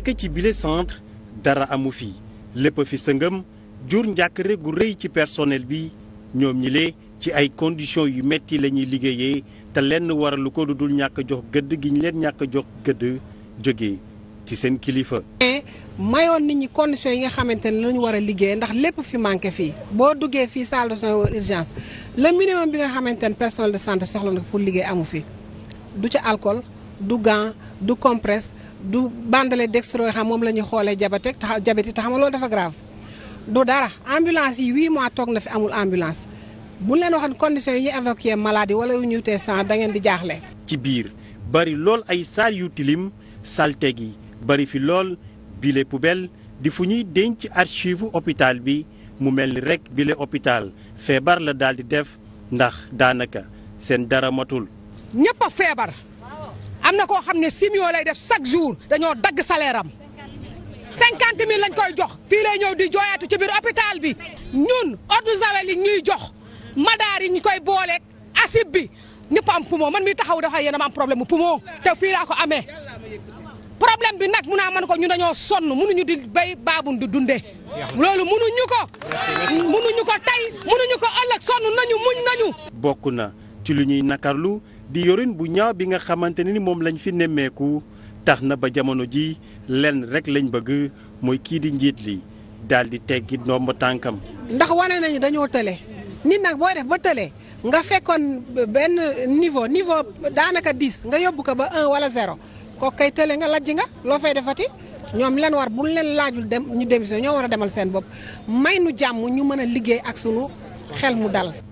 te ci bile centre dara amu fi lépp fi sëngam jur njàkkare gu rëy ci personnel bi ñoom ñile ci ay conditions yu metti la ñuy liggéeyee te lenn waralu ko lu dul ñàkk jox gëdd gi ñu leen ñàkk jox gëdd jóge ci seen kilifa. mais mayoon nit ñi conditions yi nga xamante ne lañu war a liggéey ndax lépp fi manqué fii boo duggee fii salle de soins urgence le minimum bi nga xamante ne personnel de santé soxla na pour liggéey amu fi du ca alcool. du gan du compresse du bandelet dextro yoo xam moom la ñuy xoolee diabète diabète te xam nga loolu dafa grave. du dara ambulance yi huit mois toog na fi amul ambulance mu leen waxoon conditions yi ñuy évacuer malade yi wala yu ñu tee sang da ngeen di jaaxle. ci biir bari lool ay saal yu tilim salte gi bari fi lool bile poubelle di fu ñuy denc archive hôpital bi mu mel ni rek bile hôpital feebar la daal di def ndax daanaka seen dara matul. ñëpp a feebar. am na koo xam ne simio lay def chaque jour dañoo dagg salaire cinquante mille lañ koy jox fii di jooyaatu ci biir hôpital bi ñun ordre zawel ñuy jox madaar yi ñu koy booleeg asib bi ñëpp am poumon man mi taxaw dafa yéen a ma problème mu poumon te fii laa ko amee problème bi nag mun naa man ko ñu dañoo sonn mënuñu di béy baabun di dundee loolu mënuñu ko mënuñu ko tey mënuñu ko ëllëg sonn nañu muñ nañu bokk na ci lu ñuy nakkarlu di yorin bu ñaaw bi nga xamante ne ni moom lañu fi nemmeeku tax na ba jamono ji lenn rek lañ bëgg mooy kii di njiit li daal di teggi ndomb tànkam. ndax wane nañu dañoo tële nit nag boo def ba tële nga fekkoon benn niveau niveau daanaka 10 nga yóbbu ko ba 1 wala 0 kooku kay tële nga lajj nga loo fay defati. ñoom leen war bu leen laajul dem ñu démission ñoo war a demal seen bopp may nu jàmm ñu mën a liggéey ak sunu xel mu dal